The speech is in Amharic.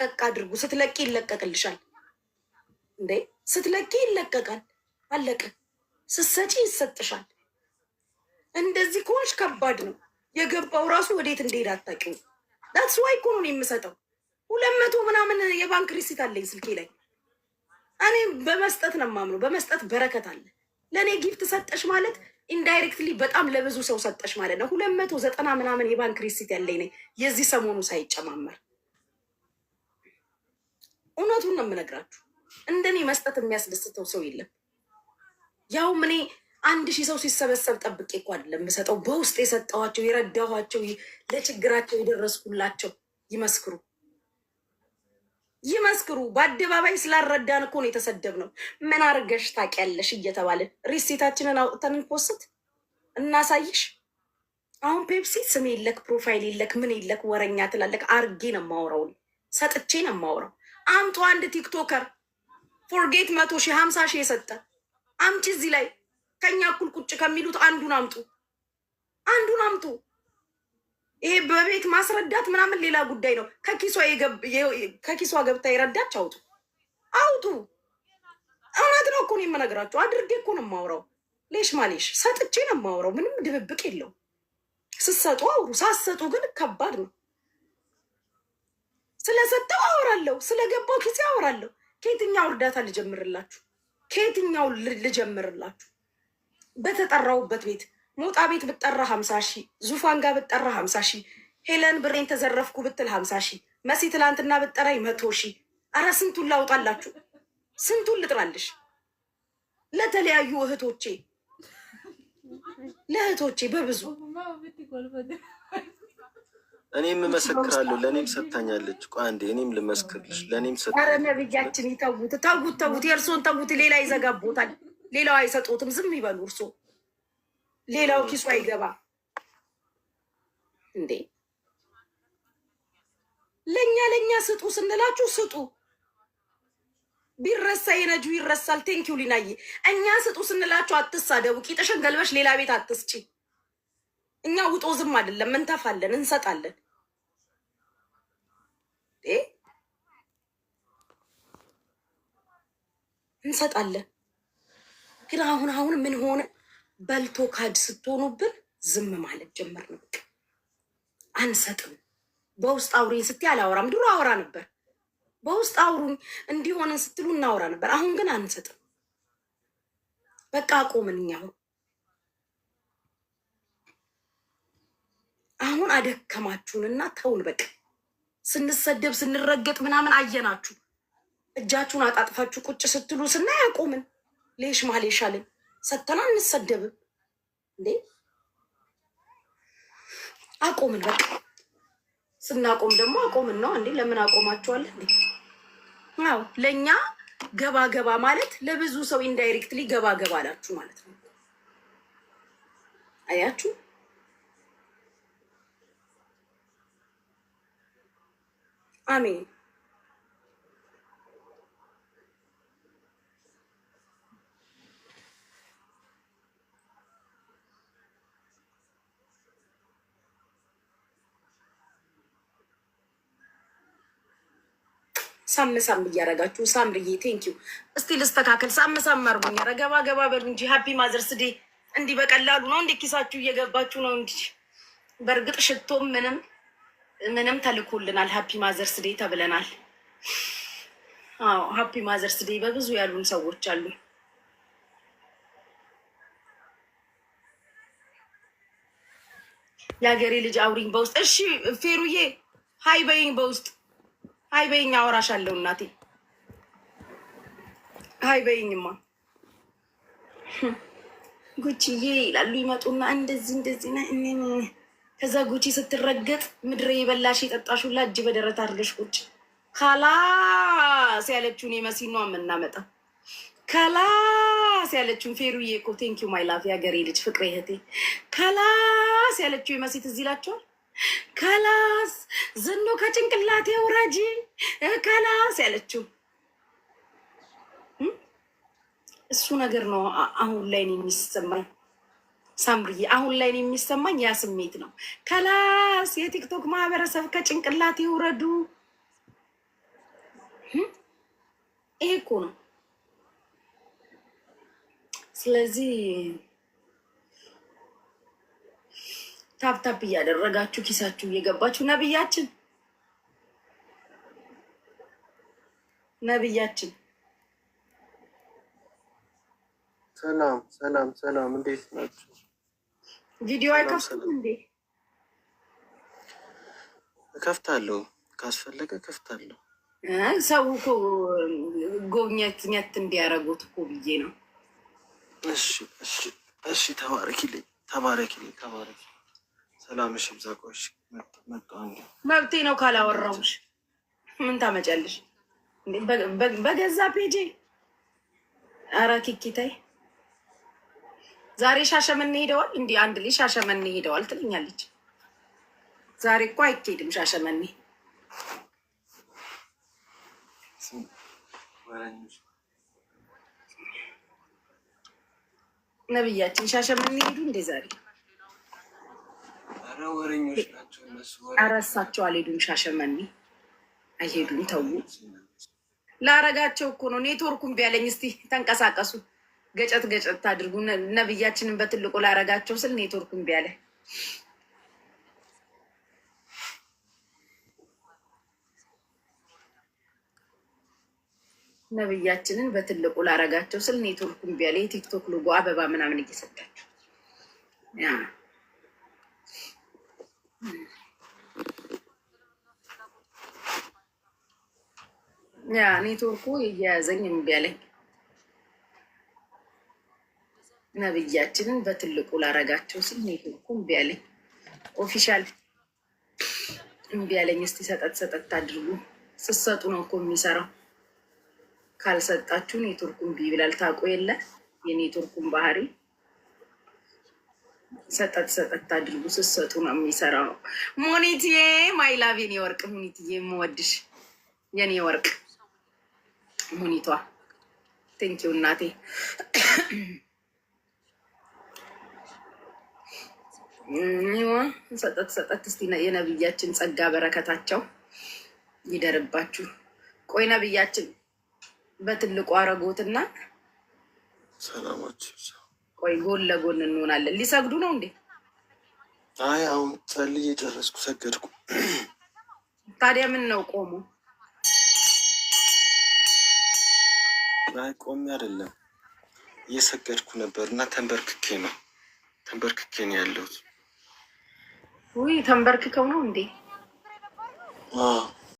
ለቀቅ አድርጉ። ስትለቂ ይለቀቅልሻል እንዴ! ስትለቂ ይለቀቃል። አለቀ። ስትሰጪ ይሰጥሻል። እንደዚህ ከሆንሽ ከባድ ነው። የገባው ራሱ ወዴት እንደሄድ አታውቂውም። ዳትስ ዋይ እኮ ነው የምሰጠው። ሁለት መቶ ምናምን የባንክ ሪሲት አለኝ ስልኬ ላይ። እኔ በመስጠት ነው የማምነው። በመስጠት በረከት አለ። ለእኔ ጊፍት ሰጠሽ ማለት ኢንዳይሬክትሊ በጣም ለብዙ ሰው ሰጠሽ ማለት ነው። ሁለት መቶ ዘጠና ምናምን የባንክ ሪሲት ያለኝ ነኝ የዚህ ሰሞኑ ሳይጨማመር እውነቱን ነው የምነግራችሁ። እንደኔ መስጠት የሚያስደስተው ሰው የለም። ያው እኔ አንድ ሺህ ሰው ሲሰበሰብ ጠብቄ እኮ አይደለም የምሰጠው። በውስጥ የሰጠኋቸው የረዳኋቸው፣ ለችግራቸው የደረስኩላቸው ይመስክሩ ይመስክሩ። በአደባባይ ስላልረዳን እኮ ነው የተሰደብነው። ምን አርገሽ ታውቂያለሽ እየተባለ ሪሴታችንን አውጥተን እንፖስት እናሳይሽ። አሁን ፔፕሲ ስም የለክ ፕሮፋይል የለክ ምን የለክ ወረኛ ትላለክ። አርጌ ነው የማወራው፣ ሰጥቼ ነው የማወራው። አምቶ አንድ ቲክቶከር ፎርጌት መቶ ሺህ ሀምሳ ሺህ የሰጠ አምጪ። እዚህ ላይ ከኛ እኩል ቁጭ ከሚሉት አንዱን አምጡ፣ አንዱን አምጡ። ይሄ በቤት ማስረዳት ምናምን ሌላ ጉዳይ ነው። ከኪሷ ገብታ የረዳች አውጡ፣ አውጡ። እውነት ነው እኮ ነው የምነግራቸው። አድርጌ እኮ ነው የማውራው። ሌሽ ማሌሽ ሰጥቼ ነው የማውራው። ምንም ድብብቅ የለው። ስትሰጡ አውሩ፣ ሳትሰጡ ግን ከባድ ነው ስለሰጠ አወራለሁ፣ ስለገባው ጊዜ አወራለሁ። ከየትኛው እርዳታ ልጀምርላችሁ? ከየትኛው ልጀምርላችሁ? በተጠራውበት ቤት ሞጣ ቤት ብጠራ ሀምሳ ሺ ዙፋን ጋር ብጠራ ሀምሳ ሺ ሄለን ብሬን ተዘረፍኩ ብትል ሀምሳ ሺ መሲ ትላንትና ብጠራይ መቶ ሺ አረ ስንቱን ላውጣላችሁ? ስንቱን ልጥራልሽ? ለተለያዩ እህቶቼ ለእህቶቼ በብዙ እኔም እመሰክራለሁ። ለእኔም ሰታኛለች። እኮ አንዴ፣ እኔም ልመስክርልሽ። ለእኔም ሰጥታኛለች። ኧረ ነብያችን ይተዉት፣ ተዉት፣ ተዉት። የእርሶን ተዉት። ሌላ ይዘጋቦታል። ሌላው አይሰጡትም። ዝም ይበሉ እርሶ። ሌላው ኪሱ አይገባ እንዴ? ለእኛ ለእኛ ስጡ ስንላችሁ ስጡ። ቢረሳ የነጁ ይረሳል። ቴንኪው ሊናዬ። እኛ ስጡ ስንላችሁ አትሳደቡ። ቂጥሽን ገልበሽ ሌላ ቤት አትስጪ። እኛ ውጦ ዝም አይደለም፣ እንተፋለን፣ እንሰጣለን። እንሰጣለን። ግን አሁን አሁን ምን ሆነ? በልቶ ካድ ስትሆኑብን ዝም ማለት ጀመርን። በቃ አንሰጥም። በውስጥ አውሩኝ ስትይ አላወራም። ድሮ አወራ ነበር። በውስጥ አውሩኝ እንዲሆነን ስትሉ እናወራ ነበር። አሁን ግን አንሰጥም። በቃ አቆምን። እኛ አሁን አሁን አደከማችሁንና ተውን በቃ ስንሰደብ ስንረገጥ ምናምን አየናችሁ። እጃችሁን አጣጥፋችሁ ቁጭ ስትሉ ስናይ አቆምን። ሌሽ አለን ሰተና እንሰደብም እንዴ አቆምን። በቃ ስናቆም ደግሞ አቆምን ነው እንዴ። ለምን አቆማችኋል እንዴ? አዎ ለእኛ ገባ ገባ ማለት ለብዙ ሰው ኢንዳይሬክትሊ ገባ ገባ አላችሁ ማለት ነው። አያችሁ አሜን። ሳም ሳም እያረጋችሁ ሳምርዬ ቴንኪዩ። እስቲ ልስተካከል። ሳም ሳም አርጉኝ። ረገባ ገባ በሉ እንጂ ሀፒ ማዘርስ ዴይ እንዲህ በቀላሉ ነው እንዴ? ኪሳችሁ እየገባችሁ ነው እንዲህ። በእርግጥ ሽቶም ምንም ምንም ተልኮልናል። ሀፒ ማዘርስ ዴይ ተብለናል። አዎ ሀፒ ማዘርስ ዴይ በብዙ ያሉን ሰዎች አሉ። የሀገሬ ልጅ አውሪኝ በውስጥ እሺ፣ ፌሩዬ ሀይ በይኝ በውስጥ ሀይ በይኝ፣ አወራሻለሁ እናቴ ሀይ በይኝማ ጉቺዬ ይላሉ ይመጡና እንደዚህ እንደዚህ እኔ ከዛ ጉቺ ስትረገጥ ምድሬ የበላሽ የጠጣሹላ እጅ በደረት አድርገሽ ቁጭ ከላስ ያለችውን የመሲን ነው የምናመጣው። ከላስ ያለችውን ፌሩዬ እኮ ቴንኪው ማይ ላፍ የሀገሬ ልጅ ፍቅሬ እህቴ። ከላስ ያለችው የመሲ ትዝ ይላቸዋል። ከላስ ዝኖ ከጭንቅላቴ ውረጂ ከላስ ያለችው እሱ ነገር ነው አሁን ላይ የሚሰማኝ። ሳምሪ አሁን ላይ የሚሰማኝ ያ ስሜት ነው። ከላስ የቲክቶክ ማህበረሰብ ከጭንቅላት ይውረዱ። ይሄ እኮ ነው። ስለዚህ ታፕታፕ እያደረጋችሁ ኪሳችሁ እየገባችሁ ነብያችን ነብያችን ሰላም ሰላም ሰላም፣ እንዴት ናችሁ? ቪዲዮ አይከፍትም እንዴ? ከፍታለሁ፣ ካስፈለገ ከፍታለሁ። ሰው እኮ ጎብኘት ኘት እንዲያደርጉት እኮ ብዬ ነው። እሺ እሺ እሺ። ተባረኪልኝ፣ ተባረኪልኝ፣ ተባረኪ። ሰላምሽ ይብዛ። ቆይ እሺ፣ መጣሁ። መብቴ ነው ካላወራሁሽ። ምን ታመጫለሽ? በገዛ ፔጄ አራኪኪታይ ዛሬ ሻሸመኔ ሄደዋል። እንዲህ አንድ ልጅ ሻሸመኔ ሄደዋል ትለኛለች። ዛሬ እኮ አይኬድም ሻሸመኔ ነብያችን ሻሸመኔ ሄዱ እንዴ? ዛሬ አረሳቸው። አልሄዱም፣ ሻሸመኔ አይሄዱም። ተዉ ላረጋቸው እኮ ነው ኔትወርኩም ቢያለኝ። እስቲ ተንቀሳቀሱ ገጨት ገጨት አድርጉ። ነብያችንን በትልቁ ላረጋቸው ስል ኔትወርኩ እምቢ አለ። ነብያችንን በትልቁ ላረጋቸው ስል ኔትወርኩ እምቢ አለ። የቲክቶክ ሎጎ አበባ ምናምን እየሰጣችሁ ያ ኔትወርኩ እያያዘኝ እምቢ አለኝ። ነብያችንን በትልቁ ላረጋቸው ስል ኔትወርኩ እምቢ አለኝ። ኦፊሻል እምቢ አለኝ። እስቲ ሰጠት ሰጠት አድርጉ። ስትሰጡ ነው እኮ የሚሰራው። ካልሰጣችሁ ኔትወርኩ እምቢ ይብላል። ታውቁ የለ የኔትወርኩን ባህሪ። ሰጠት ሰጠት አድርጉ። ስትሰጡ ነው የሚሰራው። ሞኒትዬ ማይላቭ የኔ ወርቅ ሙኒትዬ የምወድሽ የኔ ወርቅ ሙኒቷ ቴንኪው እናቴ ሰጠት ሰጠት። እስቲ የነብያችን ጸጋ በረከታቸው ይደርባችሁ። ቆይ ነብያችን በትልቁ አረጎትና ሰላማችሁ። ቆይ ጎን ለጎን እንሆናለን። ሊሰግዱ ነው እንዴ? አይ አሁን ጸልዬ ጨረስኩ፣ ሰገድኩ። ታዲያ ምን ነው ቆሙ? አይ ቆሜ አይደለም እየሰገድኩ ነበር እና ተንበርክኬ ነው ተንበርክኬ ነው ያለሁት። ውይ ተንበርክከው ነው እንዴ?